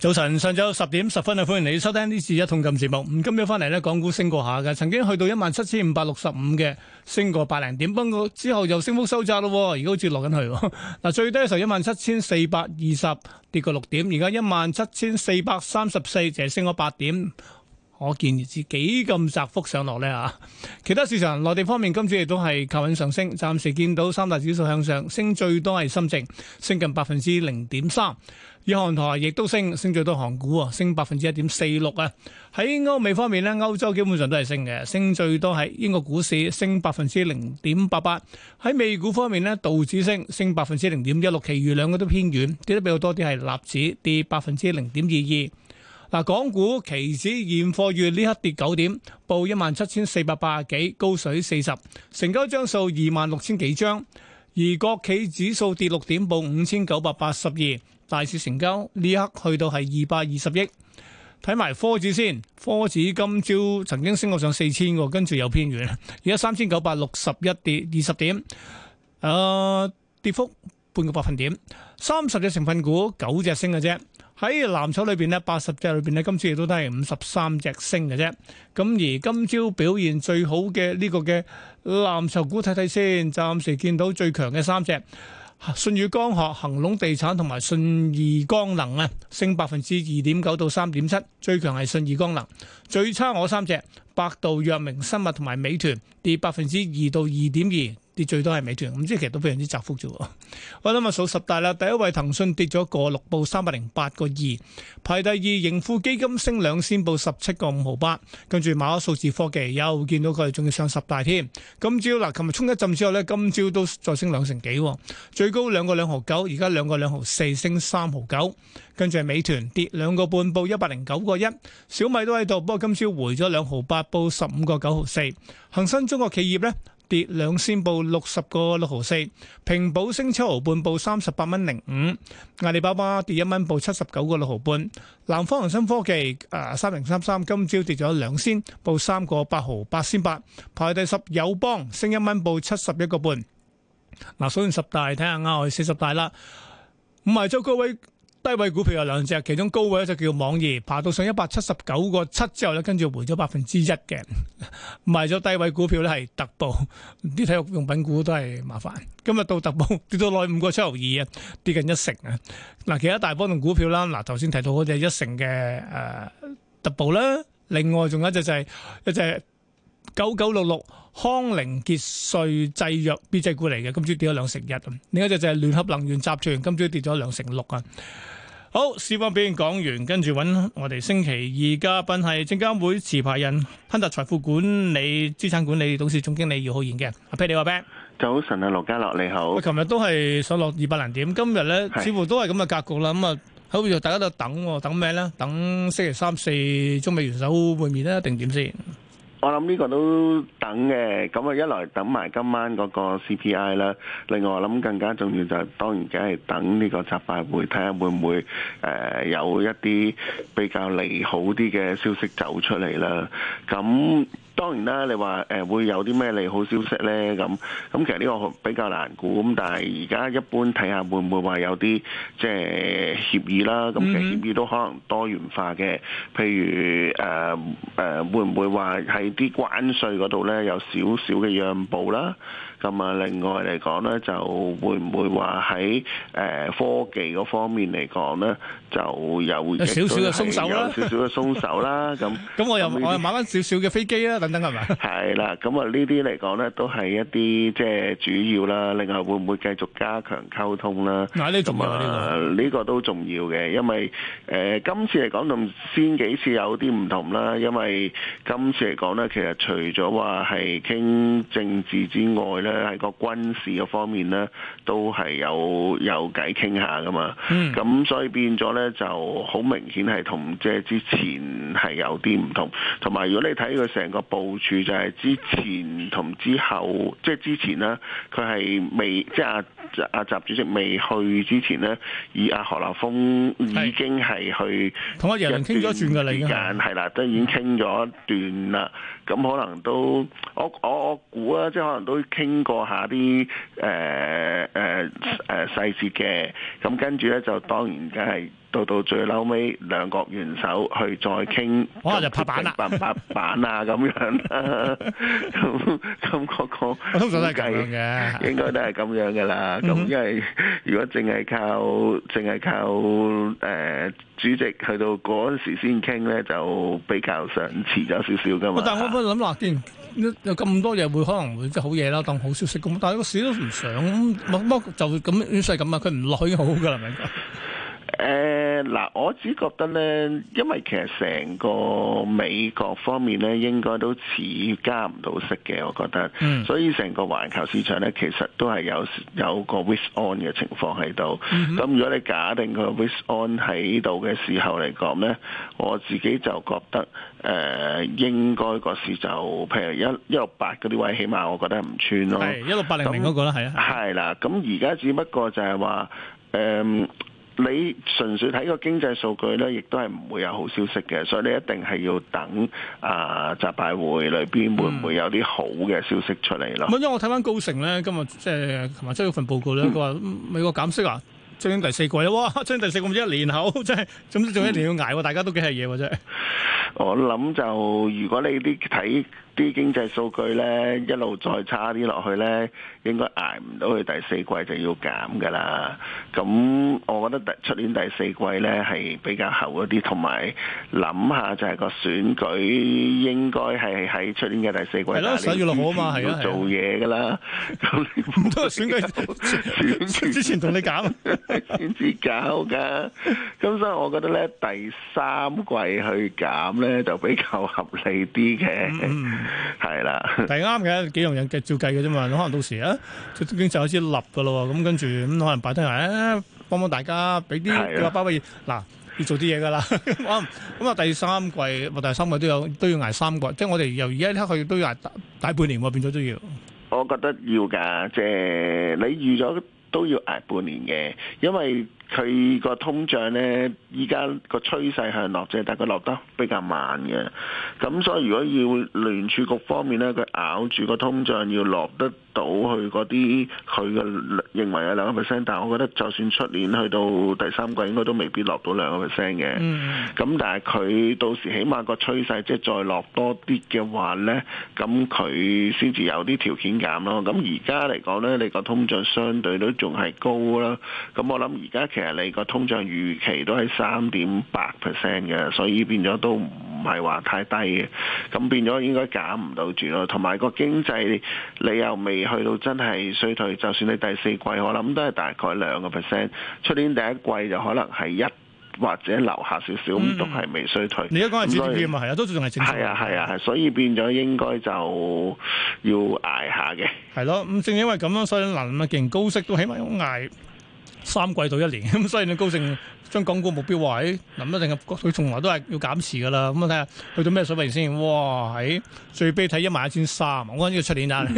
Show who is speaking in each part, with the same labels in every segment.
Speaker 1: 早晨，上晝十點十分啊，歡迎你收聽呢次一桶金節目。咁今朝翻嚟咧，港股升過下嘅，曾經去到一萬七千五百六十五嘅，升過百零點，不過之後又升幅收窄咯。而家好似落緊去。嗱，最低嘅時候一萬七千四百二十，17, 20, 跌過六點，而家一萬七千四百三十四，就升咗八點。可見而知幾咁窄幅上落呢？啊！其他市場，內地方面今次亦都係靠穩上升，暫時見到三大指數向上，升最多係深證，升近百分之零點三。日韓台亦都升升最多，韓股啊，升百分之一點四六啊。喺歐美方面呢，歐洲基本上都係升嘅，升最多係英國股市升百分之零點八八。喺美股方面呢，道指升升百分之零點一六，其餘兩個都偏軟，跌得比較多啲係納指跌百分之零點二二。嗱，港股期指現貨月呢刻跌九點，報一萬七千四百八十幾，高水四十，成交張數二萬六千幾張。而國企指數跌六點，報五千九百八十二。大市成交呢刻去到係二百二十億，睇埋科指先，科指今朝曾經升過上四千個，跟住又偏軟，而家三千九百六十一跌二十點，啊、呃，跌幅半個百分點，三十隻成分股九隻升嘅啫，喺藍籌裏邊呢，八十隻裏邊呢，今次亦都都係五十三隻升嘅啫，咁而今朝表現最好嘅呢個嘅藍籌股睇睇先，暫時見到最強嘅三隻。信義光學、恒隆地產同埋信義光能啊，升百分之二點九到三點七，最強係信義光能，最差我三隻，百度、藥明生物同埋美團跌百分之二到二點二。跌最多係美團，咁即係其實都非常之窄幅啫喎。 我諗啊，數十大啦，第一位騰訊跌咗個六報三百零八個二，排第二盈富基金升兩仙報十七個五毫八，跟住馬數字科技又見到佢仲要上十大添。今朝嗱，琴、啊、日衝一陣之後咧，今朝都再升兩成幾，最高兩個兩毫九，而家兩個兩毫四，升三毫九。跟住係美團跌兩個半報一百零九個一，小米都喺度，不過今朝回咗兩毫八報十五個九毫四。恒生中國企業咧。跌兩仙報六十個六毫四，平保升七毫半報三十八蚊零五，阿里巴巴跌一蚊報七十九個六毫半，南方恒生科技啊三零三三今朝跌咗兩仙，報三個八毫八仙八，排第十友邦升一蚊報七十一個半，嗱，數完十大睇下啱，看看我四十大啦，唔係祝各位。低位股票有兩隻，其中高位嗰隻叫網易，爬到上一百七十九個七之後咧，跟住回咗百分之一嘅，賣咗 低位股票咧係特步，啲體育用品股都係麻煩。今日到特步跌到內五個七毫二啊，跌近一成啊。嗱，其他大波動股票啦，嗱，頭先提到嗰隻一成嘅誒、呃、特步啦，另外仲有一隻就係一隻九九六六康寧結稅製藥 BJ 股嚟嘅，今朝跌咗兩成一。另一隻就係聯合能源集團，今朝跌咗兩成六啊。好，市況表現講完，跟住揾我哋星期二嘉賓係證監會持牌人亨達財富管理資產管理董事總經理姚浩然嘅。阿 Peter，你話咩？
Speaker 2: 早晨啊，羅家樂你好。琴
Speaker 1: 日都係上落二百零點，今日咧似乎都係咁嘅格局啦。咁啊，喺度大家都等喎，等咩咧？等星期三四中美元首會面咧，定點先？
Speaker 2: 我諗呢個都等嘅，咁啊一來等埋今晚嗰個 CPI 啦，另外我諗更加重要就係當然梗係等呢個集幣會，睇下會唔會誒、呃、有一啲比較利好啲嘅消息走出嚟啦，咁。當然啦，你話誒、呃、會有啲咩利好消息咧？咁，咁，其實呢個比較難估咁，但係而家一般睇下會唔會話有啲即係協議啦，咁嘅協議都可能多元化嘅，譬如誒誒、呃呃，會唔會話喺啲關稅嗰度咧有少少嘅讓步啦？咁啊，另外嚟講咧，就會唔會話喺誒科技嗰方面嚟講咧，就有少少嘅鬆手啦。有少少嘅鬆手啦，咁咁我又我又買翻少少嘅飛機啦，等等係咪？係啦，咁啊呢啲嚟講咧，都係一啲即係主要啦。另外會唔會繼續加強溝通啦。嗱，呢咁啊，呢個都重要嘅，因為誒今次嚟講同先幾次有啲唔同啦。因為今次嚟講咧，其實除咗話係傾政治之外咧，誒係個軍事嘅方面呢，都係有有偈傾下噶嘛，咁 所以變咗呢，就好明顯係同即係之前係有啲唔同，同埋如果你睇佢成個部署，就係之前同之後，即係之前呢，佢係未即係。即係啊阿習主席未去之前呢，以阿何立峰已經係去同阿楊傾咗轉嘅嚟嘅，係啦，都已經傾咗一段啦，咁可能都我我我估啊，即係可能都傾過下啲誒誒誒細節嘅，咁跟住呢，就當然梗係。到到最嬲尾，兩國元首去再傾，可能就拍板啦，拍板即啊咁、啊、 樣啦，咁咁、嗰個通常都係咁樣嘅，應該都係咁樣噶啦。咁、嗯、哼因為如果淨係靠淨係靠誒、呃、主席去到嗰陣時先傾咧，就比較上遲咗少少噶嘛。但係我
Speaker 1: 諗話先，啊、既然有咁多嘢會可能會即好嘢啦，當好消息咁。但係個市都唔想，冇乜就咁於是咁啊！佢唔落已經好㗎啦，係咪？
Speaker 2: 誒嗱、呃，我只覺得咧，因為其實成個美國方面咧，應該都似加唔到息嘅，我覺得。嗯、所以成個環球市場咧，其實都係有有個 risk on 嘅情況喺度。咁、嗯、哼如果你假定個 risk on 喺度嘅時候嚟講咧，我自己就覺得誒、呃、應該個市就譬如一一六八嗰啲位，起碼我覺得唔穿咯。係一六八零零嗰個咧那，係啊那。係啦，咁而家只不過就係話誒。呃你純粹睇個經濟數據咧，亦都係唔會有好消息嘅，所以你一定係要等啊、呃，集體會裏邊會唔會有啲好嘅消息出嚟啦？唔係、嗯，
Speaker 1: 因為我睇翻高盛咧，今日即係琴日追咗份報告咧，佢話美國減息啊。嗯將第四季啦，哇！將第四季唔知一年後，真係總之仲一年要挨，嗯、大家都幾係嘢
Speaker 2: 喎真係。我諗就如果你啲睇啲經濟數據咧，一路再差啲落去咧，應該挨唔到去第四季就要減噶啦。咁我覺得出年第四季咧係比較厚一啲，同埋諗下就係個選舉應該係喺出年嘅第四季的。係咯要，想住落好啊嘛，係啊，要做嘢噶啦，唔通個選舉選舉 之前同你減？ 係先至搞噶，咁所以我覺得咧第三季去減咧就比較合理啲嘅，係 啦。但係
Speaker 1: 啱嘅，幾樣人計照計嘅啫嘛。可能到時啊，就經濟開始立噶咯，咁跟住咁可能擺低話，誒，幫幫大家俾啲，你話包乜嘢？嗱，要做啲嘢噶啦。啱、 嗯。咁啊、 嗯，第三季第三季都有都要挨三季，即係我哋由而家呢刻去都要挨大半年喎，變咗
Speaker 2: 都要。我覺得要㗎，即係你預咗。都要捱半年嘅，因為佢個通脹呢，依家個趨勢係落啫，但係佢落得比較慢嘅。咁所以如果要聯儲局方面呢，佢咬住個通脹要落得。到去嗰啲佢嘅認為有兩個 percent，但係我覺得就算出年去到第三季應該都未必落到兩個 percent 嘅。咁但係佢到時起碼個趨勢即係再落多啲嘅話咧，咁佢先至有啲條件減咯。咁而家嚟講咧，你個通脹相對都仲係高啦。咁我諗而家其實你個通脹預期都係三點八 percent 嘅，所以變咗都唔係話太低嘅。咁變咗應該減唔到住咯。同埋個經濟你又未。去到真係衰退，就算你第四季可能都係大概兩個 percent，出年第一季就可能係一或者留下少少，咁都係未衰退。你而家講緊紙錢添啊，係
Speaker 1: 啊，都仲係正常。
Speaker 2: 係啊係啊，所以變咗應該就要捱下嘅。
Speaker 1: 係咯，咁、嗯、正因為咁樣，所以難啊，既然高息都起碼要捱三季到一年，咁所以你高盛。 將港股目標話喺，嗱、哎、一定佢從來都係要減持嘅啦。咁啊睇下去到咩水平先，哇！喺、哎、最悲睇一萬一千三，我覺得呢個出年啊，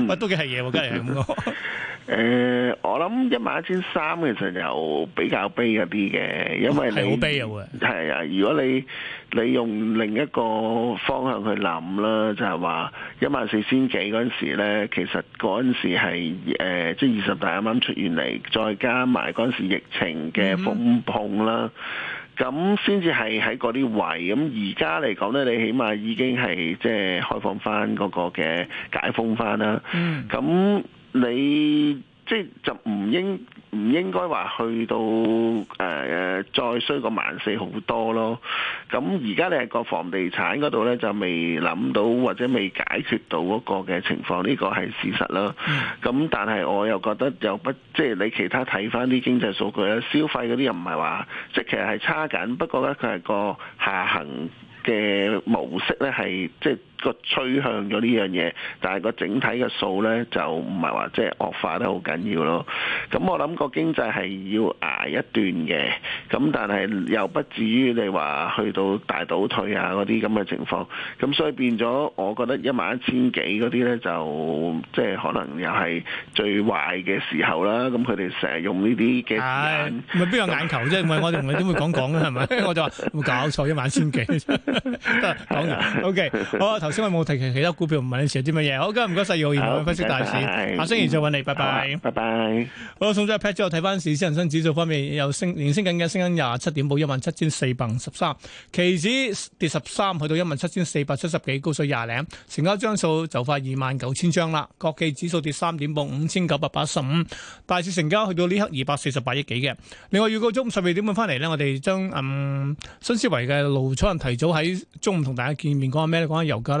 Speaker 1: 喂、 哎，都幾係嘢喎，今日係咁
Speaker 2: 講。 誒、呃，我諗一萬一千三其實又比較悲悲一啲嘅，因為你好悲啊！喎，係啊！如果你你用另一個方向去諗啦，就係話一萬四千幾嗰陣時咧，其實嗰陣時係誒，即係二十大啱啱出現嚟，再加埋嗰陣時疫情嘅封控啦，咁先至係喺嗰啲位。咁而家嚟講咧，你起碼已經係即係開放翻嗰個嘅解封翻啦。咁你即係就唔應唔應該話去到誒誒、呃、再衰過萬四好多咯。咁而家你係個房地產嗰度咧，就未諗到或者未解決到嗰個嘅情況呢、呢個係事實啦。咁但係我又覺得又不即係你其他睇翻啲經濟數據咧，消費嗰啲又唔係話即係其實係差緊。不過咧佢係個下行嘅模式咧係即係。個趨向咗呢樣嘢，但係個整體嘅數咧就唔係話即係惡化得好緊要咯。咁、嗯、我諗個經濟係要捱一段嘅，咁但係又不至於你話去到大倒退啊嗰啲咁嘅情況。咁所以變咗，我覺得一萬一千幾嗰啲咧就即係可能又係最壞嘅時候啦。咁佢哋成日用呢啲嘅眼，咪邊、哎、有眼球啫？唔係 我哋唔係點會講講咧係咪？ 我就
Speaker 1: 話冇搞錯一萬一千幾，
Speaker 2: 講 OK 好。
Speaker 1: 先我冇提其其他股票，唔問你持啲乜嘢。好，今日唔該曬，好我而家分析大市。拜拜，下星期再揾你，拜拜。拜拜。好，宋主任 pat 咗我睇翻市，先。恒生指數方面又升，連升緊嘅升緊廿七點半，報一萬七千四百五十三。期指跌十三，去到一萬七千四百七十幾，高水廿零。成交張數就快二萬九千張啦。國企指數跌三點半，報五千九百八十五。大市成交去到呢刻二百四十八億幾嘅。另外預告中午十二點半翻嚟呢。我哋將嗯新思維嘅盧楚人提早喺中午同大家見面，講下咩咧？講下油價。嗰個 yen 一五二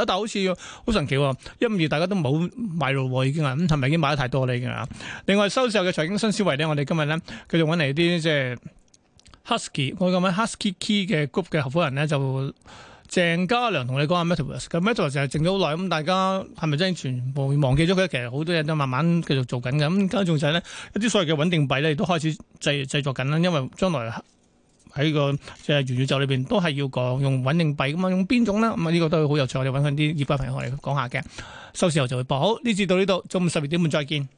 Speaker 1: 啦，但係好似好神奇喎，一五二大家都冇買落喎，已經啊，咁係咪已經買得太多咧？啊，另外收市後嘅財經新思維咧，我哋今日咧繼續揾嚟啲即係、就是、husky，我咁樣 husky key 嘅 group 嘅合夥人咧，就鄭家良同你講下，m us, m 下。metaverse 咁 metaverse 成日靜咗好耐，咁大家係咪真係全部忘記咗佢？其實好多嘢都慢慢繼續做緊嘅，咁今日就有咧一啲所謂嘅穩定幣咧，亦都開始製製作緊啦，因為將來。喺個即係元宇宙裏邊都係要講用穩定幣咁嘛，用邊種咧？咁啊，呢個都好有趣，我哋揾翻啲業界朋友嚟講下嘅。收市後就會播。好，呢節到呢度，中午十二點半再見。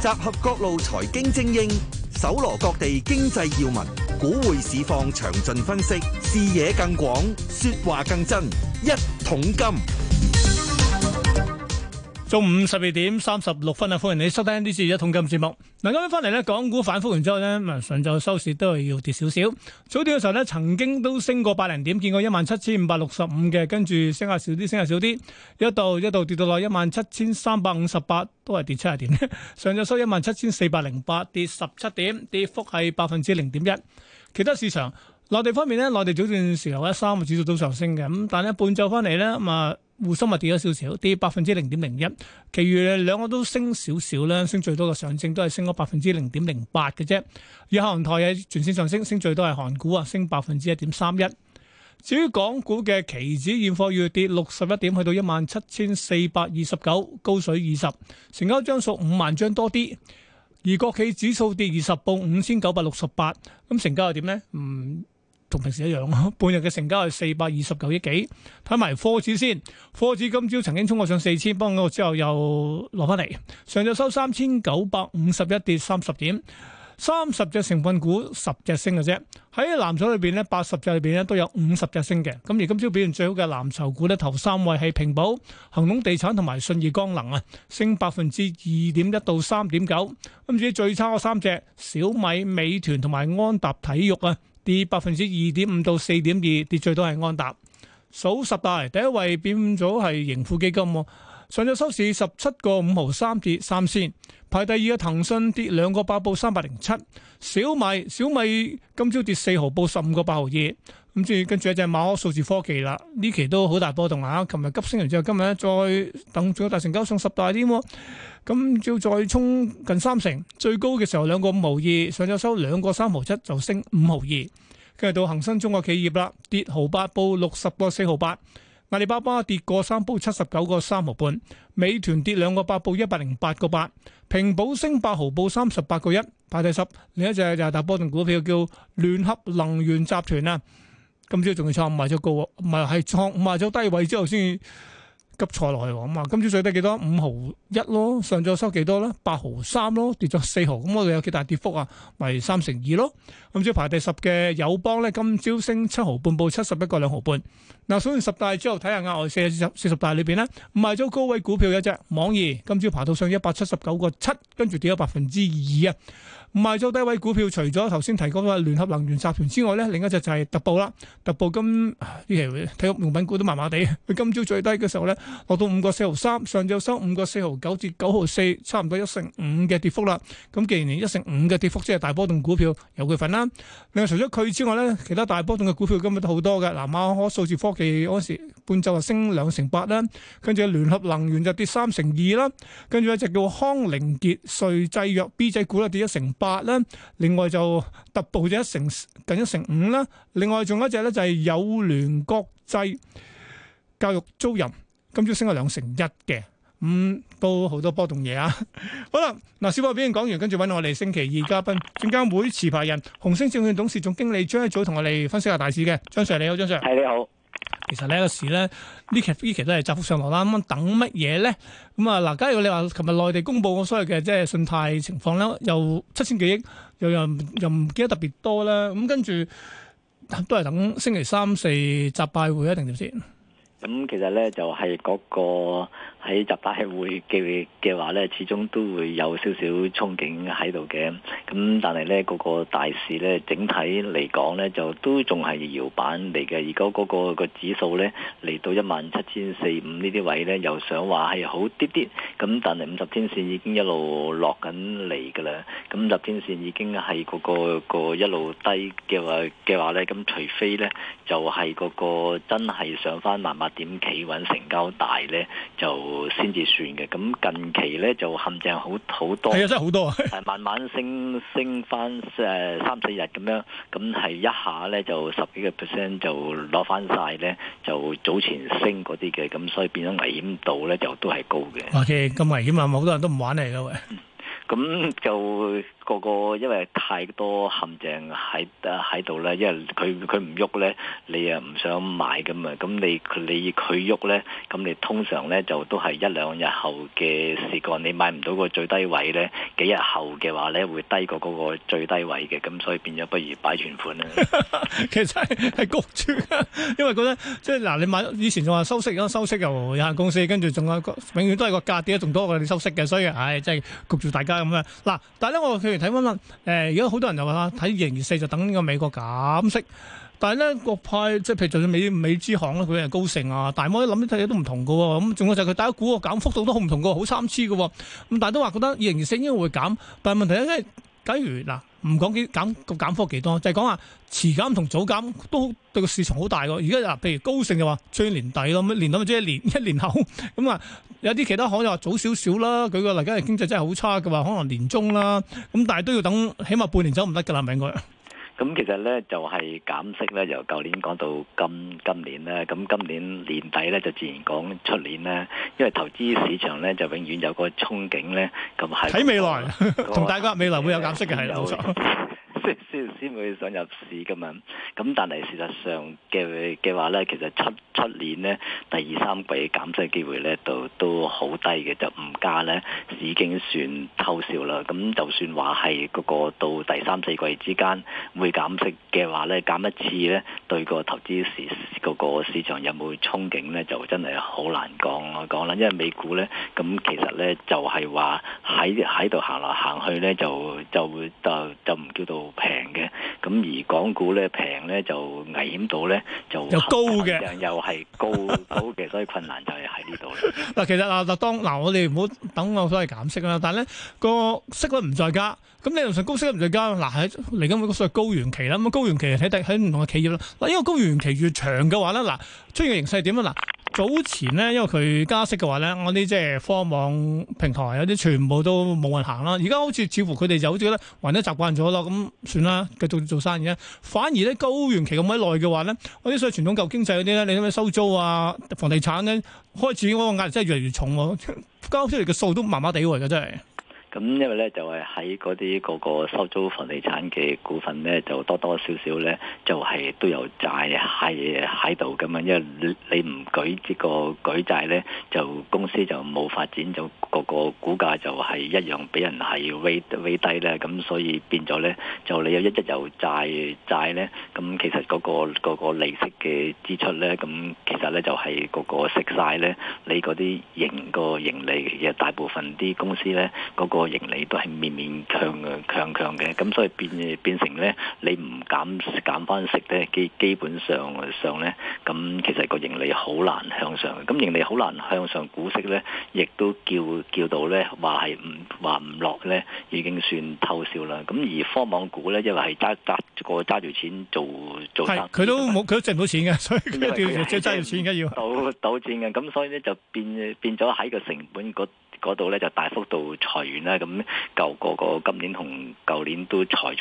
Speaker 3: 集合各路財經精英，搜羅各地經濟要聞，股匯市況詳盡分析，視野更廣，説話更真，一桶金。
Speaker 1: 中午十二點三十六分啊，歡迎你收聽呢次一桶金節目。嗱，今日翻嚟咧，港股反覆完之後咧，咁上晝收市都係要跌少少。早段嘅時候咧，曾經都升過百零點，見過一萬七千五百六十五嘅，跟住升下少啲，升下少啲，一度一度跌到落一萬七千三百五十八，都係跌七十點。 上晝收一萬七千四百零八，跌十七點，跌幅係百分之零點一。其他市場，內地方面咧，內地早段時候咧，三個指數都上升嘅，咁但係咧，半晝翻嚟咧，咁啊。滬深物跌咗少少，跌百分之零點零一，其餘兩個都升少少啦，升最多嘅，上證都係升咗百分之零點零八嘅啫。以而韓台係全線上升，升最多係韓股啊，升百分之一點三一。至於港股嘅期指現貨月跌六十一點，去到一萬七千四百二十九，高水二十，成交張數五萬張多啲。而國企指數跌二十，報五千九百六十八，咁成交又點呢？嗯。同平時一樣，半日嘅成交係四百二十九億幾。睇埋科指先，科指今朝曾經衝過上四千，不過之後又落翻嚟。上晝收三千九百五十一跌三十點，三十隻成分股，十隻升嘅啫。喺藍籌裏邊呢，八十隻裏邊呢都有五十隻升嘅。咁而今朝表現最好嘅藍籌股呢，頭三位係平保、恒隆地產同埋信義光能啊，升百分之二點一到三點九。咁至於最差嗰三隻，小米、美團同埋安踏體育啊。跌百分之二點五到四點二，跌最多係安踏。數十大第一位變咗係盈富基金，上日收市十七個五毫三，跌三仙。排第二嘅騰訊跌兩個八報三百零七，小米小米今朝跌四毫報十五個八毫二。咁即係跟住有隻馬可數字科技啦，呢期都好大波動啊！琴日急升完之後，今日再等仲有大成交上十大添，咁照再衝近三成，最高嘅時候兩個五毫二，上咗收兩個三毫七就升五毫二。跟住到恒生中國企業啦，跌毫八報六十個四毫八；阿里巴巴跌個三報七十九個三毫半；美團跌兩個八報一百零八個八；平保升八毫報三十八個一，排第十。另一隻就係大波動股票叫聯合能源集團啊。今朝仲要創五日最高，唔係係創五日咗低位之後先急挫落去喎。咁啊，今朝最低幾多？五毫一咯，上咗收幾多咧？八毫三咯，跌咗四毫。咁我哋有幾大跌幅啊？咪三成二咯。今朝排第十嘅友邦咧，今朝升七毫半，報七十一個兩毫半。嗱，數完十大之後，睇下額外四十四十大裏邊呢。五日咗高位股票有隻網易，今朝爬到上一百七十九個七，跟住跌咗百分之二啊。賣咗低位股票，除咗頭先提嗰個聯合能源集團之外咧，另一隻就係特步啦。特步今呢期體育用品股都麻麻地，佢今朝最低嘅時候咧，落到五個四毫三，上晝收五個四毫九至九毫四，差唔多一成五嘅跌幅啦。咁既然一成五嘅跌幅，即係大波動股票有佢份啦。另外，除咗佢之外咧，其他大波動嘅股票今日都好多嘅。南馬可數字科技嗰時。半就啊升兩成八啦，跟住聯合能源就跌三成二啦，跟住一隻叫康寧杰瑞製藥 B 仔股啦，跌一成八啦，另外就突破咗一成近一成五啦，另外仲有一隻咧就係友聯國際教育租賃，今朝升咗兩成一嘅，咁都好多波動嘢啊！好啦，嗱，小波表現講完，跟住揾我哋星期二嘉賓，證監會持牌人、紅星證券董事總經理張一祖同我哋分析下大市嘅，張 sir 你好，張 sir 係你好。其實呢個時咧，呢期呢期都係窄幅上落啦。咁等乜嘢咧？咁啊嗱，假如你話琴日內地公布嘅所有嘅即係信貸情況咧，又七千幾億，又又又唔記得特別多咧。咁跟住都係等星期三四集拜會一定點先？咁、
Speaker 4: 嗯、其實咧就係、是、嗰、那個。喺集體會嘅嘅話咧，始終都會有少少憧憬喺度嘅。咁但係咧，嗰、嗰個大市咧，整體嚟講咧，就都仲係搖板嚟嘅。而家嗰個、嗰個嗰個指數咧，嚟到一萬七千四五呢啲位咧，又想話係好啲啲。咁但係五十天線已經一路落緊嚟㗎啦。咁五十天線已經係嗰、嗰個、嗰個一路低嘅話嘅話咧，咁除非咧，就係、係、嗰個真係上翻萬八點企穩成交大咧，就。先至算嘅，咁近期咧就陷阱好好多，係啊，真係好多啊，係慢慢升升翻，誒三四日咁樣，咁係一下咧就十幾個 percent 就攞翻晒咧，就早前升嗰啲嘅，咁所以變咗危險度咧就都係高嘅。
Speaker 1: 哇，即係咁危險啊，好多人都唔玩嚟嘅喂，
Speaker 4: 咁、嗯、就。個個因為太多陷阱喺喺度咧，因為佢佢唔喐咧，你又唔想買嘅嘛，咁你你佢喐咧，咁你通常咧就都係一兩日後嘅時間，你買唔到個最低位咧，幾日後嘅話咧會低過嗰個最低位嘅，咁所以變咗不如擺存款咧。
Speaker 1: 其實係係焗住，因為覺得即係嗱，你買以前仲話收息，收息收息又有限公司，跟住仲有個永遠都係個價跌得仲多過你收息嘅，所以唉，真係焗住大家咁樣。嗱，但係咧我佢。睇翻啦，誒而家好多人就話睇二零二四就等呢個美國減息，但係咧各派即係譬如就算美美資行咧，佢係高盛啊、大摩一、啊，一諗啲嘢都唔同嘅喎，咁仲有就係佢大家估個減幅度都好唔同嘅喎，好參差嘅喎，咁但係都話覺得二零二四應該會減，但係問題咧，假如嗱唔講幾減個減幅幾多，就係講話，遲減同早減都對個市場好大嘅、啊。而家嗱，譬如高盛就話最年底咯，年底咪追一年一年後咁啊。有啲其他行又話早少少啦，佢個嗱，而家嘅經濟真係好差嘅話，可能年中啦，咁但係都要等起碼半年走唔得㗎喇，係咪應該？
Speaker 4: 咁其實咧就係減息咧，由舊年講到今今年咧，咁今年年底咧就自然講出年咧，因為投資市場咧就永遠有個憧憬咧，咁係睇未來，
Speaker 1: 同、那個、 大家未來會有減息嘅係，冇錯。
Speaker 4: 先先會想入市咁樣，咁但係事實上嘅嘅話呢，其實出出年呢，第二三季減息機會呢都都好低嘅，就唔加呢。已經算偷笑啦。咁就算話係嗰個到第三四季之間會減息嘅話呢，減一次呢對個投資市嗰、嗰個、市場有冇憧憬呢？就真係好難講講啦。因為美股呢，咁其實呢，就係話喺喺度行嚟行去呢，就就會就就唔叫做。平嘅，咁而港股咧平咧就危險到咧就又高嘅，又係高高嘅， 所以困難就係喺呢度
Speaker 1: 嗱， 其實嗱嗱，當嗱我哋唔好等我，所謂減息啦，但係咧個息率唔再加，咁你又上高息都唔再加，嗱喺嚟緊美國所謂高原期啦，咁高原期睇睇喺唔同嘅企業啦。嗱，因為高原期越長嘅話咧，嗱、啊，出現嘅形勢係點啊？嗱。早前咧，因為佢加息嘅話咧，我啲即係科網平台有啲全部都冇人行啦。而家好似似乎佢哋就好似咧，還得習慣咗咯，咁算啦，繼續做生意啦。反而咧，高原期咁鬼耐嘅話咧，我啲所有傳統舊經濟嗰啲咧，你睇下收租啊、房地產咧，開始嗰個壓力真係越嚟越重喎、啊，交出嚟嘅數都麻麻地喎，而家真係。
Speaker 4: 咁因為咧就係喺嗰啲個個收租房地產嘅股份咧，就多多少少咧就係、是、都有債係喺度咁樣，因為你你唔舉呢、這個舉債咧，就公司就冇發展，就個個股價就係一樣俾人係 rate 低咧。咁所以變咗咧，就你有一一有債債咧，咁其實嗰、那個嗰、那個利息嘅支出咧，咁其實咧就係個個息晒咧，你嗰啲盈、那個盈利嘅大部分啲公司咧，嗰、那個個盈利都係勉勉強強強嘅，咁所以變變成咧，你唔減減翻息咧，基基本上上咧，咁其實個盈利好難向上嘅，咁盈利好難向上，股息咧亦都叫叫到咧，話係唔話唔落咧，已經算偷笑啦。咁而科網股咧，因為係揸揸個揸住錢做做，
Speaker 1: 佢都冇，佢都賺唔到錢嘅所以佢即係揸住錢而家要賭賭戰嘅，咁所以咧就
Speaker 4: 變變咗喺個成本嗰度咧就大幅度裁員啦，咁舊個個今年同舊年都裁咗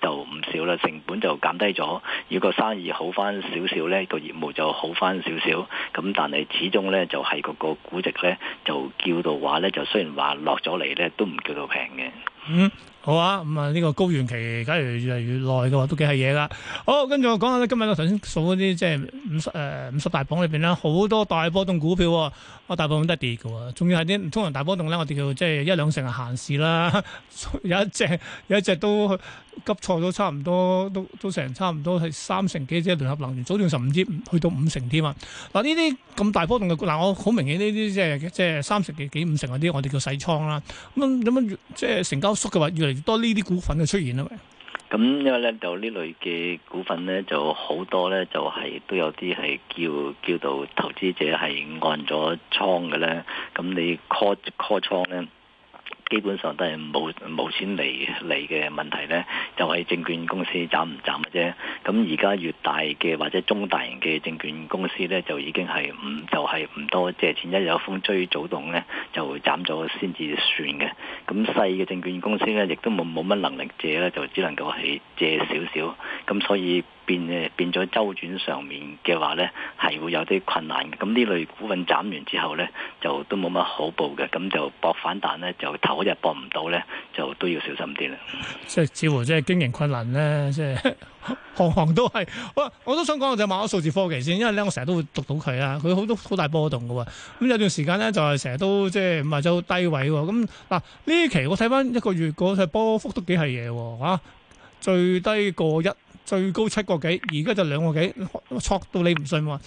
Speaker 4: 就唔少啦，成本就減低咗。如果生意好翻少少咧，個業務就好翻少少。咁但係始終咧就係、是、個個估值咧就叫到話咧，就雖然話落咗嚟咧都唔叫到平嘅。
Speaker 1: 嗯，好啊，咁啊呢個高原期，假如越嚟越耐嘅話，都幾係嘢啦。好，跟住我講下咧，今日我頭先數嗰啲即係五十誒五十大榜裏邊啦，好多大波動股票、哦，我大部分都係跌嘅、哦。仲要係啲通常大波動咧，我哋叫即係一兩成嘅閒市啦。 有一隻有一隻都。急挫都差唔多，都都成差唔多係三成幾，即係聯合能源早段十五支去到五成添啊！嗱，呢啲咁大波動嘅，嗱，我好明顯呢啲即係即係三成幾、幾五成嗰啲，我哋叫洗倉啦。咁咁樣越即係成交縮嘅話，越嚟越多呢啲股份嘅出現啊！
Speaker 4: 咁因為咧就呢類嘅股份咧就好多咧，就係、就是、都有啲係叫叫做投資者係按咗倉嘅咧，咁你 call call 倉咧？基本上都係冇冇錢嚟嚟嘅問題呢，就係、是、證券公司斬唔斬嘅啫。咁而家越大嘅或者中大型嘅證券公司呢，就已經係唔就係、是、唔多借錢，就是、一有風吹早，早動呢就斬咗先至算嘅。咁細嘅證券公司呢，亦都冇冇乜能力借呢，就只能夠係借少少。咁所以。變誒變咗周轉上面嘅話咧，係會有啲困難嘅。咁呢類股份斬完之後咧，就都冇乜好報嘅。咁就搏反彈咧，
Speaker 1: 就頭一日搏唔到咧，就都要小心啲啦。即係似乎即係經營困難咧，即係 行行都係。哇！我都想講就買咗數字科技先，因為咧我成日都會讀到佢啦。佢好多好大波動嘅喎。咁有段時間咧就係成日都即係唔係就低位喎。咁嗱呢期我睇翻一個月嗰隻波幅都幾係嘢喎。最低個一，最高七個幾，而家就兩個幾，挫到你唔信嘛？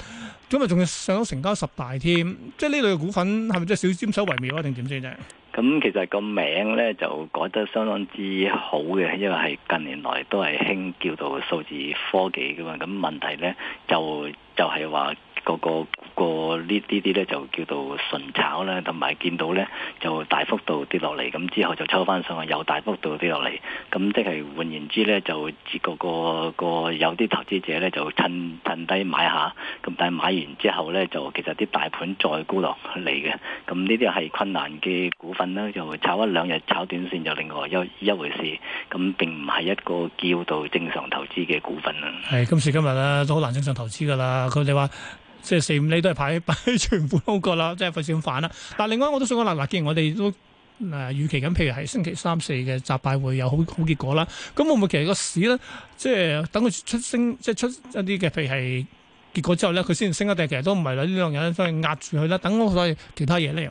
Speaker 1: 咁啊，仲要上到成交十大添，即係呢類嘅股份係咪即係少沾手為妙啊？定點先啫？
Speaker 4: 咁其實個名咧就改得相當之好嘅，因為係近年來都係興叫做數字科技噶嘛。咁問題咧就就係話。個個呢啲啲咧就叫做純炒啦，同埋見到咧就大幅度跌落嚟，咁之後就抽翻上，又大幅度跌落嚟，咁即係換言之咧，就接個個個有啲投資者咧就趁趁低買下，咁但係買完之後咧，就其實啲大盤再高落嚟嘅，咁呢啲係困難嘅股份啦，就炒一兩日炒短線就另外又一回事，咁並唔係一個叫做正常投資嘅股份啊。
Speaker 1: 係今時今日咧都好難正常投資㗎喇，佢哋話。即係四五厘都係排擺，排全部都過啦，即係費事咁煩啦。但另外我都想講啦，嗱既然我哋都誒預期緊，譬如係星期三四嘅集會會有好好結果啦，咁會唔會其實個市咧，即係等佢出升，即係出一啲嘅譬如係結果之後咧，佢先升一啲，其實都唔係啦，呢兩日都所以壓住佢啦，等我再其他嘢呢？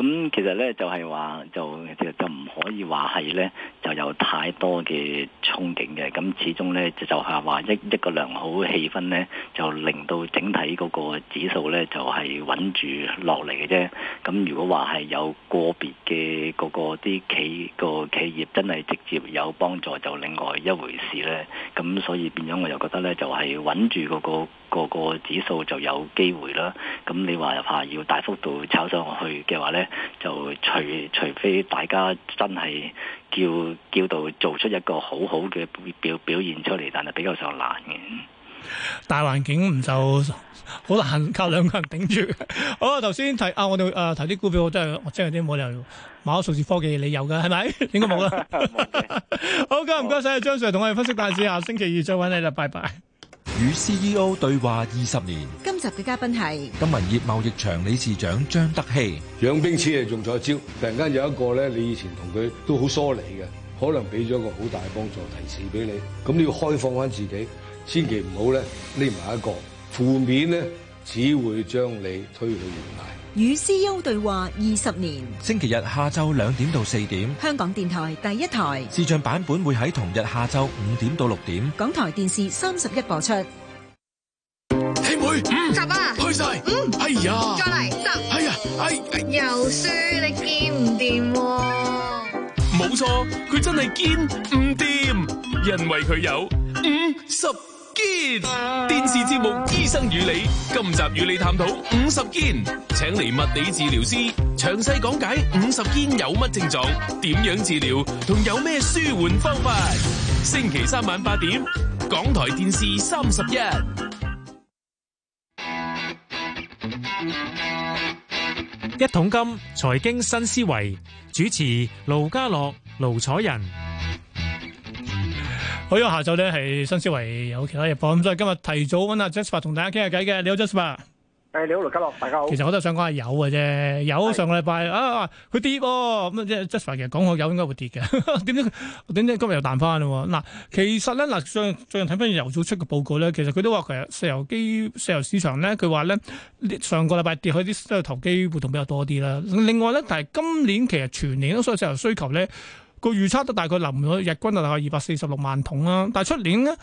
Speaker 4: 咁其實咧就係話就就就唔可以話係咧就有太多嘅憧憬嘅，咁始終咧就係話一一個良好氣氛咧就令到整體嗰個指數咧就係穩住落嚟嘅啫。咁如果話係有個別嘅嗰個啲企個企業真係直接有幫助就另外一回事咧。咁所以變咗我就覺得咧就係穩住嗰個個指數就有機會啦。咁你話怕要大幅度炒上去嘅話咧，就除除非大家真係叫叫到做出一個好好嘅表表現出嚟，但係比較上難嘅。
Speaker 1: 大環境唔就好難靠兩個人頂住。 好，頭先提啊，我哋啊提啲股票，我真係我真係有啲冇理由買咗數字科技，你有嘅係咪？是是 應該冇啦。 好，唔該晒張 Sir 同我哋分析大市，下星期二再搵你啦，拜拜。
Speaker 3: 與 CEO 對話二十年，
Speaker 4: 今集嘅嘉賓係
Speaker 3: 金銀業貿易場理事長張德熙。養兵千日，用在朝。突然間有一個咧，你以前同佢都好疏離嘅，可能俾咗個好大嘅幫助提示俾你。咁你要開放翻自己，千祈唔好咧匿埋一個負面咧，只會將你推去懸崖。
Speaker 4: 與 C U 對話二十年。
Speaker 3: 星期日下晝兩點到四點，
Speaker 4: 香港電台第一台
Speaker 3: 視像版本會喺同日下晝五點到六點，
Speaker 4: 港台電視三十一播出。
Speaker 1: 兄妹，十啊，去晒，哎呀，再嚟十，哎呀，哎呀，又輸你堅
Speaker 4: 唔掂？
Speaker 1: 冇錯，佢真係堅唔掂，因為佢有，嗯，十。肩電視節目《醫生與你》，今集與你探討五十肩，請嚟物理治療師詳細講解五十肩有乜症狀、點樣治療同有咩舒緩方法。星期三晚八點，港台電視三十一。一桶金財經新思維，主持盧家樂、盧彩仁。好啊，okay, 下晝咧係新思維有其他日報，咁、嗯、所以今日提早揾阿 Jasper 同大家傾下偈嘅。你好 Jasper 誒，你好，盧家樂，
Speaker 3: 大家好。其實我
Speaker 1: 都想講下油嘅啫，油，上個禮拜啊，佢跌喎，咁即 Jasper 其實講開油應該會跌嘅，點知點知今日又彈翻啦？嗱，其實咧嗱，最最近睇翻油組出嘅報告咧，其實佢都話其實石油機石油市場咧，佢話咧上個禮拜跌，去啲石油投機活動比較多啲啦。另外咧，但係今年其實全年所有石油需求咧。個預測都大概留咗日均就大概二百四十六萬桶啦、啊，但係出年咧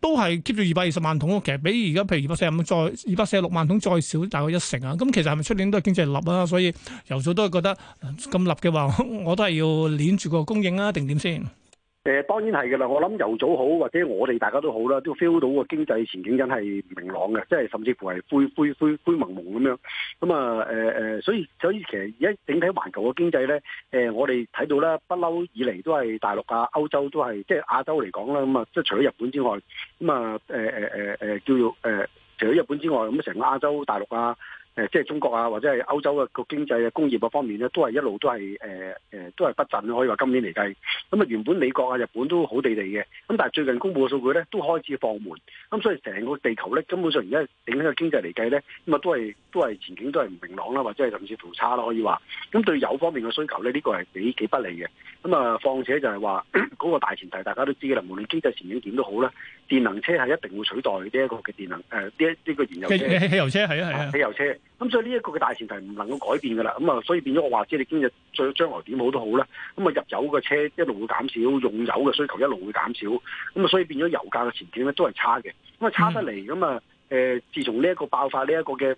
Speaker 1: 都係 keep 住二百二十萬桶咯、啊。其實比而家譬如二百四十五再二百四十六萬桶再少大概一成啊。咁其實係咪出年都係經濟立啊？所以油組都係覺得咁立嘅話，我,我都係要攣住個供應啊，定點先。
Speaker 3: 誒，當然係嘅啦。我諗由早好，或者我哋大家都好啦，都 feel 到個經濟前景真係唔明朗嘅，即係甚至乎係灰灰灰灰濛濛咁樣。咁、嗯、啊，誒、呃、誒，所以所以其實而家整體環球嘅經濟咧，誒、呃，我哋睇到咧，不嬲以嚟都係大陸啊、歐洲都係，即係亞洲嚟講啦。咁、嗯、啊，即係除咗日本之外，咁、嗯、啊，誒誒誒誒，叫做誒、呃，除咗日本之外，咁成個亞洲大陸啊。誒，即係中國啊，或者係歐洲嘅個經濟啊、工業方面咧，都係一路都係誒誒，都係不振，可以話今年嚟計。咁啊，原本美國啊、日本都好地地嘅，咁但係最近公佈嘅數據咧，都開始放緩。咁所以成個地球咧，根本上而家整一個經濟嚟計咧，咁啊都係都係前景都係唔明朗啦，或者係甚至乎差啦，可以話。咁對油方面嘅需求咧，呢、這個係幾幾不利嘅。咁啊，況且就係話嗰個大前提，大家都知嘅啦，無論經濟前景點都好啦，電能車係一定會取代呢一個嘅電能誒，呢一呢個燃油車。汽油車係啊係啊，汽油車。咁所以呢一個嘅大前提唔能夠改變噶啦，咁啊，所以變咗我話知你今日將將來點好都好啦，咁啊入油嘅車一路會減少，用油嘅需求一路會減少，咁啊所以變咗油價嘅前景咧都係差嘅，咁啊差得嚟，咁啊誒，自從呢一個爆發呢一個嘅誒、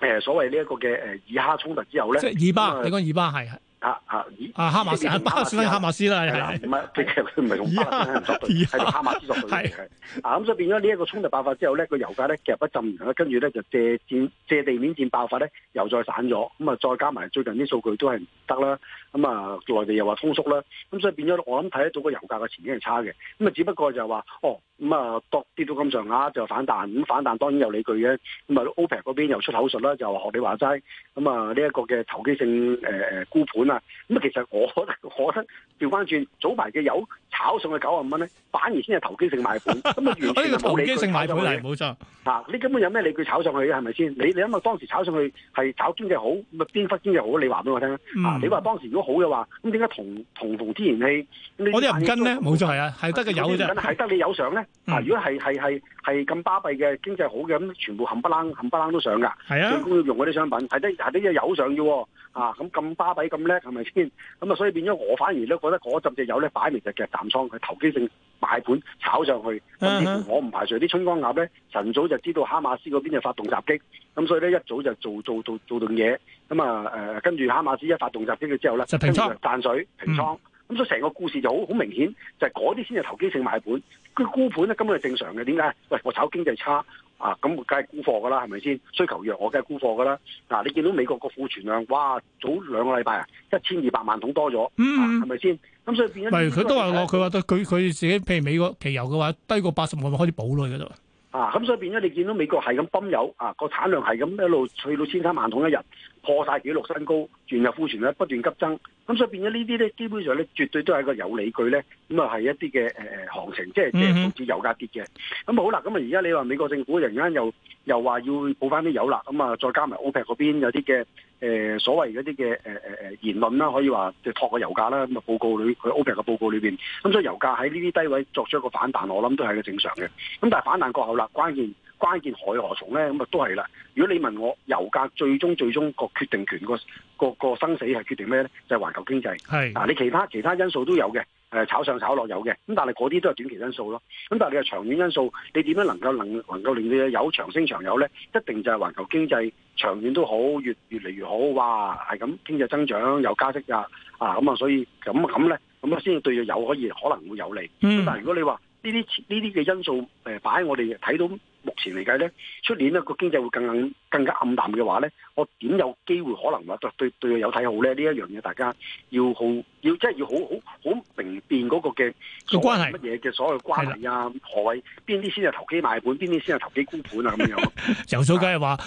Speaker 3: 呃、所謂呢一個嘅誒以哈衝突之後咧，即係以巴，嗯、你
Speaker 1: 講以巴係？啊啊！啊哈馬斯，用哈馬斯巴哈馬斯，哈馬斯啦，點的啊？佢其實都唔係用巴勒斯
Speaker 3: 坦作對，係用哈馬斯作對嘅。啊咁，所以變咗呢一個衝突爆發之後咧，個油價咧夾一陣，跟住咧就借戰借地面戰爆發咧，又再散咗。咁、嗯、啊，再加埋最近啲數據都係唔得啦。咁、嗯、啊，內地又話通縮啦。咁、嗯、所以變咗，我諗睇得到個油價嘅前景係差嘅。咁、嗯、啊，只不過就係話，哦咁啊、嗯，多跌到咁上下就反彈。咁反彈當然有理據嘅。咁啊，OPEC 嗰邊又出口術啦，就學你話齋。咁、嗯、啊，呢、這、一個嘅投機性誒誒沽盤啊～、呃呃呃呃呃呃呃咁啊，其實我覺得，我覺得調翻轉，早排嘅油炒上去九十五蚊咧，反而先係投機性買盤，咁啊 完全係個 投機性買盤嚟，冇錯。啊，你根本有咩理佢炒上去？係咪先？你你諗下當時炒上去係炒經濟好，咁啊邊忽經濟好？你話俾我聽、嗯、啊！你話當時如果好嘅話，咁點解同同同天然氣？我啲又唔跟咧，冇
Speaker 1: 錯係啊，係得個油啫，係
Speaker 3: 得、嗯、你油上咧。啊，如果係係係。係咁巴閉嘅經濟好嘅咁，全部冚不楞冚不楞都上噶。係啊，用工業用嗰啲商品，係啲係啲嘢油上嘅喎，哦。啊，咁咁巴閉咁叻，係咪先？咁啊，所以變咗我反而都覺得嗰陣隻油咧擺明就係賺倉，佢投機性買盤炒上去。咁嗯。我唔、嗯、排除啲、嗯、春江鴨咧，晨早就知道哈馬斯嗰邊就發動襲擊，咁所以咧一早就做做做做定嘢。咁啊誒，跟、嗯、住、呃、哈馬斯一發動襲擊嘅之後咧，就平就淡水平倉。嗯咁所以成個故事就好好明顯，就係嗰啲先係投機性買盤，佢沽盤咧根本係正常嘅。點解？喂，我炒經濟差啊，咁梗係沽貨噶啦，係咪先？需求弱，我梗係沽貨噶啦。嗱，你見到美國個庫存量，哇，早兩個禮拜啊，一千二百萬桶多咗，係咪先？咁、啊、所以變咗，譬佢都話我，
Speaker 1: 佢話佢佢自己，譬如美國期油嘅話，低過八十萬，咪開始補落去嘅
Speaker 3: 啊，咁所以變咗，你見到美國係咁泵油啊，個產量係咁一路去到千三萬桶一日，破晒紀錄新高，原油庫存咧不斷急增。3, 咁所以變咗呢啲咧，基本上咧，絕對都係一個有理據咧，咁啊係一啲嘅誒誒行情，即係即係導致油價跌嘅。咁好啦，咁啊而家你話美國政府突然間又又話要補翻啲油啦，咁啊再加埋 OPEC 嗰邊有啲嘅誒所謂嗰啲嘅誒誒誒言論啦，可以話就托拖個油價啦。咁啊報告裏佢 OPEC 嘅報告裏邊，咁所以油價喺呢啲低位作出一個反彈，我諗都係一個正常嘅。咁但係反彈過後啦，關鍵。關鍵何去何從咧？咁啊都係啦。如果你問我油價最終最終個決定權個個生死係決定咩咧？就係環球經濟。
Speaker 1: 係
Speaker 4: 嗱，你其
Speaker 3: 他其他因素都有嘅，誒，炒上炒落有嘅。咁但係嗰啲都係短期因素咯。咁但係你嘅長遠因素，你點樣能夠能能夠令你有長升長有咧？一定就係環球經濟長遠都好，越越嚟越好。哇，係咁經濟增長有加息呀啊咁啊，所以咁咁咧，咁啊先至對嘅有可以可能會有利。咁但係如果你話呢啲呢啲嘅因素誒擺喺我哋睇到。目前嚟計咧，出年呢個經濟會更更加暗淡嘅話咧，我點有機會可能話對對佢有睇好咧？呢一樣嘢大家要好要即係要好好好明辨嗰個嘅個關係乜嘢嘅所謂關係啊？的何謂邊啲先係投機買盤，邊啲先係投機沽盤啊？咁樣
Speaker 1: 由所計係話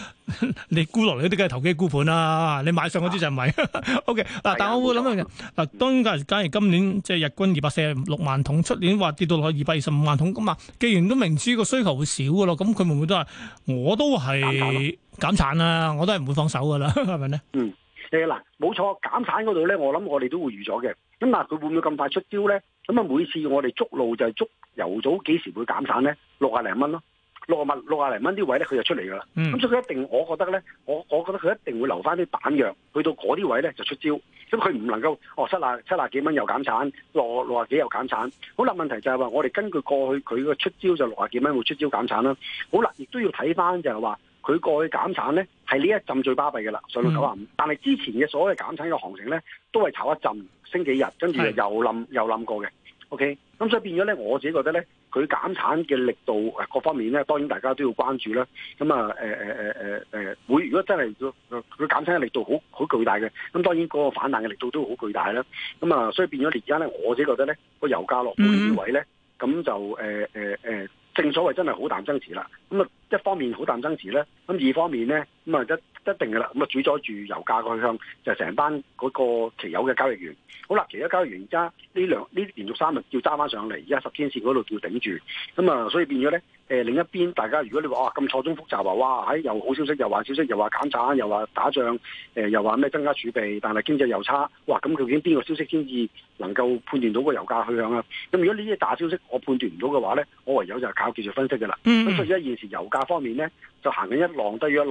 Speaker 1: 你沽落嚟嗰啲梗係投機沽盤啊，你買上嗰啲就唔係。O K 嗱，但係我會諗啊嗱，錯當，嗯、當然假如今年即係日均二百四十六萬桶，出年話跌到落去二百二十五萬桶咁啊，既然都明知個需求會少㗎咯，咁。咁佢會唔會都話我都係減產啊？我都係唔會放手噶啦，係咪咧？嗯，
Speaker 3: 誒嗱，冇錯，減產嗰度咧，我諗我哋都會預咗嘅。咁嗱，佢會唔會咁快出招咧？咁啊，每次我哋捉路就係捉油早幾時會減產咧，六啊零蚊咯。六啊六廿零蚊啲位咧，佢就出嚟噶啦。咁、嗯、所以佢一定，我覺得咧，我我覺得佢一定會留翻啲彈藥，去到嗰啲位咧就出招。咁佢唔能夠哦七廿七廿幾蚊又減產，六六廿幾又減產。好啦，問題就係話，我哋根據過去佢個出招就六廿幾蚊會出招減產啦。好啦，亦都要睇翻就係話，佢過去減產咧係呢一陣最巴閉噶啦，上到九啊五。嗯、但係之前嘅所謂減產嘅行情咧，都係炒一陣升幾日，跟住又冧是又冧過嘅。O K。咁所以變咗咧，我自己覺得咧。佢減產嘅力度誒各方面咧，當然大家都要關注啦。咁啊誒誒誒誒誒會，如果真係佢佢減產嘅力度好好巨大嘅，咁當然嗰個反彈嘅力度都好巨大啦。咁啊，所以變咗而家咧，我自己覺得咧，個油價落盤呢位咧，咁就誒誒誒，正所謂真係好淡爭持啦。咁啊。一方面好淡增持咧，咁二方面咧，咁啊一一定噶啦，咁啊主宰住油價個去向就係成班嗰個期油嘅交易員。好啦，期油交易員而家呢兩呢連續三日要揸翻上嚟，而家十天線嗰度要頂住，咁啊所以變咗咧，誒另一邊大家如果你話哇，咁錯綜複雜話，哇喺又好消息又壞消息，又話減產，又話打仗，誒又話咩增加儲備，但係經濟又差，哇咁究竟邊個消息先至能夠判斷到個油價去向啊？咁如果呢啲大消息我判斷唔到嘅話咧，我唯有就係靠技術分析嘅啦。咁所以一件事油價。方面咧，就行緊一浪低於一浪，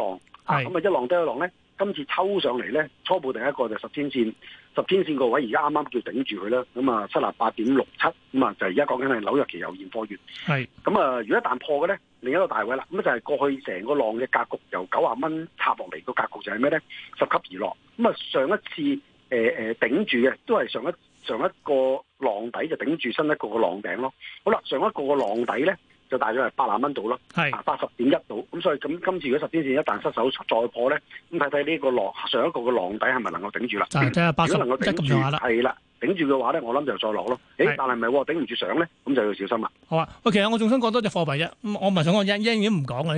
Speaker 3: 咁啊是一浪低一浪咧，今次抽上嚟咧，初步第一個就十天線，十天線個位而家啱啱叫頂住佢啦，咁啊七十八點六七，咁啊就而家講緊係紐約期油現貨月，
Speaker 1: 係
Speaker 3: 是，咁啊如果一旦破嘅咧，另一個大位啦，咁啊就係過去成個浪嘅格局由九十蚊插落嚟個格局就係咩咧？十級而落，咁啊上一次誒誒頂住嘅都係上一上一個浪底就頂住新一個個浪頂咯，好啦，上一個個浪底咧。就大約係八萬蚊度咯，係八十點一度，咁所以咁今次如果十天線一旦失手再破咧，咁睇睇呢個浪上一個嘅浪底係咪能夠頂住啦？即係八十，如果能夠頂住，即係咁上下啦。係啦。頂住嘅話咧，我諗就再落咯。誒，是但係咪頂唔住上咧？咁
Speaker 1: 就要小心啦。好啊，喂，其實我仲想講多隻貨幣啫。我唔係想講英英，已經唔講啦。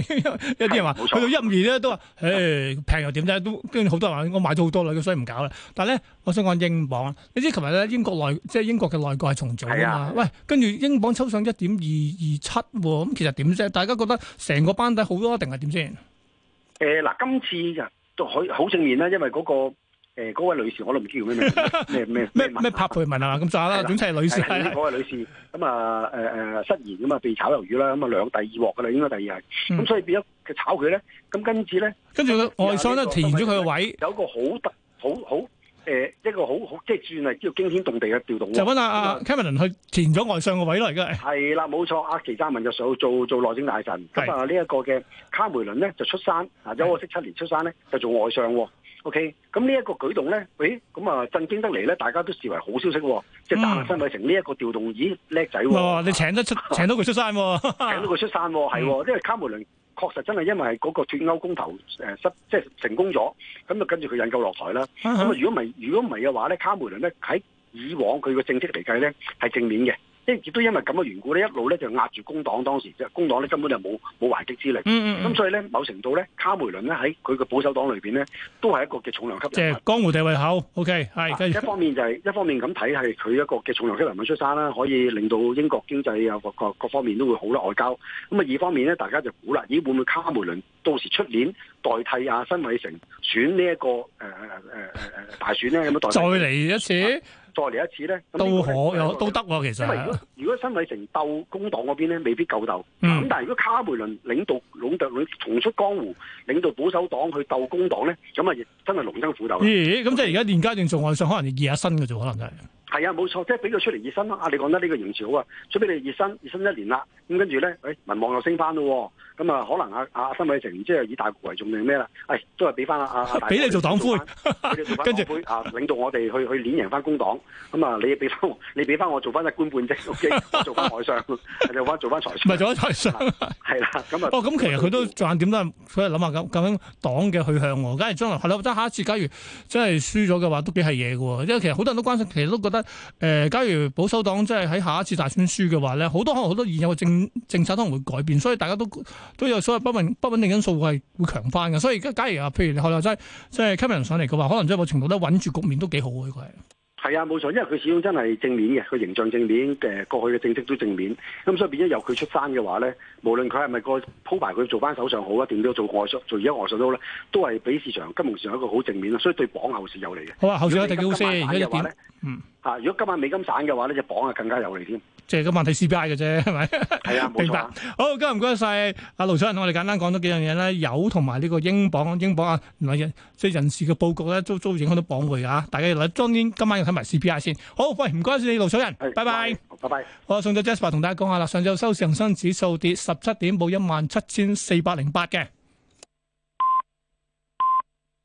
Speaker 1: 有啲人話去到一五二咧，都話誒平又點啫？都跟住好多人話我買咗好多啦，所以唔搞啦。但係咧，我想講英鎊。你知琴日咧，英國內即係英國嘅內閣係重組啊嘛。喂，跟住英鎊抽上一點二二七，咁其實點啫？大家覺得成個班底好多一定係點先？
Speaker 3: 誒，嗱，今次就都可好正面啦，因為嗰、那個。誒，嗰位女士，我都唔知佢咩名，咩咩咩帕
Speaker 1: 佩文啊，咁就啦，總之係女士。嗰
Speaker 3: 位女士咁啊，誒誒失言咁啊，被炒魷魚啦，咁啊兩第二鑊噶啦，應該第二係。咁所以變咗佢炒佢咧，咁跟住咧，跟住外相咧填咗佢嘅位。有個好特好好誒一個好好即係算係叫驚天動地嘅調動。就揾阿阿
Speaker 1: 卡梅倫去填咗外相嘅位咯嚟嘅。
Speaker 3: 係啦，冇錯，阿奇嘉文就想做做內政大臣。咁啊，呢一個嘅卡梅倫咧就出山啊，有個識七年出山咧就做外相喎。O K，咁呢一個舉動咧，誒，咁啊震驚得嚟咧，大家都視為好消息喎、哦，即係打馬新馬成呢一個調動，嗯、咦，叻仔喎，
Speaker 1: 你請得出，請到佢出山、哦， 請到
Speaker 3: 佢出山、哦，係、哦，嗯、因為卡梅倫確實真係因為嗰個脫歐公投誒失、呃，即係成功咗，咁就跟住佢引咎落台啦。咁啊、嗯，如果唔係，如果唔係嘅話咧，卡梅倫咧喺以往佢嘅政績嚟計咧係正面嘅。即亦都因為咁嘅緣故咧，一路咧就壓住工黨當時，即係工黨咧根本就冇冇還擊之力。咁、嗯嗯嗯、所以咧，某程度咧，卡梅倫咧喺佢嘅保守黨裏邊咧，都係一個嘅重量級人物。即係
Speaker 1: 江湖地位好。O K，係。一
Speaker 3: 方面就係一方面咁睇，係佢一個嘅重量級人物出生啦，可以令到英國經濟啊各各各方面都會好啦，外交。咁啊，二方面咧，大家就估啦，咦會唔會卡梅倫？到時出年代替阿新偉成選，這個呃呃、選呢一個誒誒誒誒誒大選咧，有冇代？再嚟一次，啊、再嚟一次咧可，都可又都得喎，其實。因為如果如果新偉成鬥工黨嗰邊咧，未必夠鬥。咁、嗯、但係如果卡梅倫領導老特侖重出江湖，領導保守黨去鬥工黨咧，咁啊真係龍爭虎鬥。咦、
Speaker 1: 嗯？咁即係而家連家政做外相，可能熱下身嘅做，可能係。
Speaker 3: 係啊，冇錯，即係俾佢出嚟熱身啊，你講得呢個形勢好啊，除俾你熱身，熱身一年啦。咁跟住咧，誒、哎、民望又升翻咯。咁、嗯、啊，可能啊阿新位成即係以大局為重定咩啦？都係俾翻啊啊！俾、啊、 你做黨魁，跟 住 著啊領導我哋去去碾贏翻工黨。咁、嗯、啊，你俾翻我，你俾翻我，我做翻一官半職，OK， 做翻財相，做翻做翻財相。唔係做翻財相，係啦。咁啊，嗯、 哦，咁、嗯嗯、其實佢都
Speaker 1: 重點都係佢諗下究竟樣黨嘅去向喎。假如將來咯，即係下一次，假如真係輸咗嘅話，都幾係嘢嘅。因為其實好多人都關心，其實都覺得。誒，假如保守黨真係喺下一次大選輸嘅話咧，好多可能好多現有嘅政政策都可能會改變，所以大家都都有所謂不穩不穩定因素係會強翻嘅。所以而家假如啊，譬如你後來真真係 Cameron 上嚟嘅話，可能真係有程度都穩住局面都幾好佢係
Speaker 3: 係啊，冇錯，因為佢始終真係正面嘅，佢形象正面嘅，過去嘅政績都正面。咁所以變咗由佢出山嘅話咧，無論佢係咪個鋪排佢做翻首相好啊，定都做外相，做而家外相都好咧，都係俾市場金融市場一個好正面，所以對鎊後市有利嘅。好啊，後市一定老師而
Speaker 1: 啊！如果今晚美金散嘅話呢隻磅啊更加有利添。
Speaker 3: 即係今晚睇 CPI 嘅啫，係咪？係啊， 明白。冇錯啊、好，今日唔該
Speaker 1: 晒阿盧楚仁，我哋簡單講多幾樣嘢啦。油同埋呢個英鎊、英鎊啊，即係人，人事嘅佈局咧，都都影響到磅匯啊！大家要嗱，今天今晚要睇埋 CPI 先。好，喂，唔該晒你，盧楚仁，是拜拜。拜拜。我送咗 Jasper 同大家講下啦。上晝收市恒生指數跌十七點，報一萬七千四百零八嘅。